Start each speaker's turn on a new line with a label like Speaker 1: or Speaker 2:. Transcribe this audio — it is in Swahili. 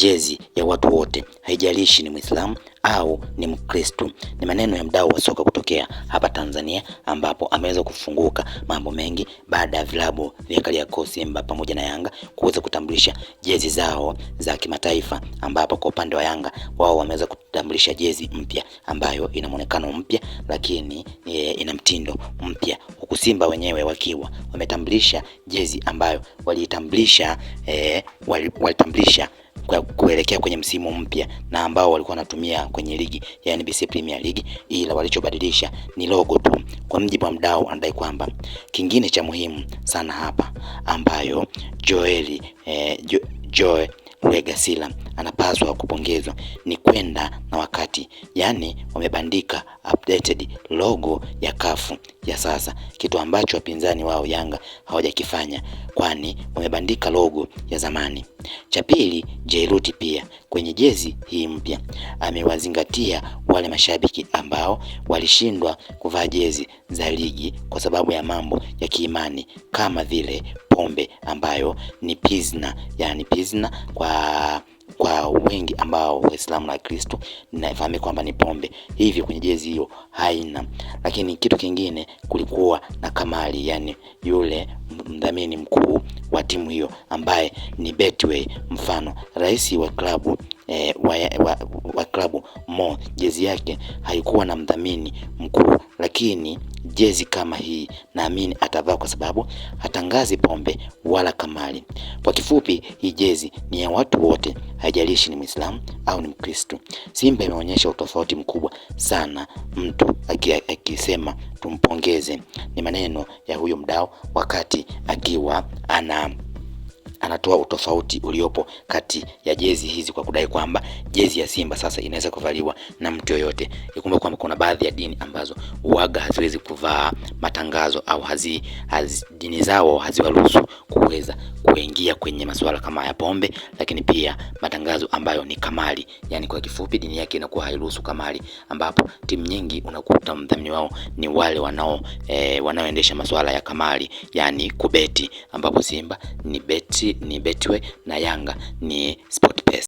Speaker 1: jezi ya watu wote, haijalishi ni Muislamu au ni Mkristo. Ni maneno ya mdau wa soka kutokea hapa Tanzania, ambapo ameweza kufunguka mambo mengi baada ya vilabu vya Kariakoo, Simba pamoja na Yanga kuweza kutambulisha jezi zao za kimataifa, ambapo kwa upande wa Yanga wao wameweza kutambulisha jezi mpya ambayo ina muonekano mpya, lakini e, ina mtindo mpya, huku Simba wenyewe wakiwa wametambulisha jezi ambayo eh, walitambulisha e, walitambulisha kuelekea kwenye msimu mpya na ambao walikuwa wanatumia kwenye ligi ya NBC Premier League, ila walichobadilisha ni logo tu. Kwa mjibu wa mdau, anadai kwamba kingine cha muhimu sana hapa ambayo Joeli eh, jo, Joe Mwegasila anapaswa kupongezwa, ni kwenda na wakati, yaani wamebandika updated logo ya kafu ya sasa, kitu ambacho wapinzani wao Yanga hawajakifanya, kwani wamebandika logo ya zamani. Cha pili, Jairuti pia kwenye jezi hii mpya amewazingatia wale mashabiki ambao walishindwa kuvaa jezi za ligi kwa sababu ya mambo ya kiimani kama vile pombe ambayo ni pizna, yani pizna kwa kwa wengi ambao Waislamu na Kristo naifahamia kwamba ni pombe, hivyo kwenye jezi hiyo haina. Lakini kitu kingine, kulikuwa na Kamali, yani yule mdhamini mkuu wa timu hiyo ambaye ni Betway. Mfano, rais wa klabu e, wa, wa, wa klabu Mo. Jezi yake haikuwa na mdhamini mkuu, lakini jezi kama hii naamini atavaa kwa sababu hatangazi pombe wala kamari. Kwa kifupi, hii jezi ni ya watu wote, haijalishi ni muislamu au ni Mkristo. Simba imeonyesha utofauti mkubwa sana, mtu akisema tumpongeze, ni maneno ya huyo mdao wakati akiwa ana anatoa utofauti uliopo kati ya jezi hizi kwa kudai kwamba jezi ya Simba sasa inaweza kuvaliwa na mtu yoyote. Ikumbuke kwamba kuna baadhi ya dini ambazo uaga haziwezi kuvaa matangazo au hazi, hazi dini zao haziwaruhusu kuweza kuingia kwenye masuala kama ya pombe, lakini pia matangazo ambayo ni kamari, yani kwa kifupi dini yake inakuwa hairuhusu kamari, ambapo timu nyingi unakuta mdhamini wao ni wale wanao eh, wanaoendesha masuala ya kamari, yani kubeti, ambapo Simba ni beti ni Betway na Yanga ni SportPesa.